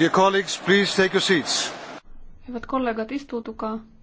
Dear colleagues, please take your seats. Hyvät kollegat, istuutukaa.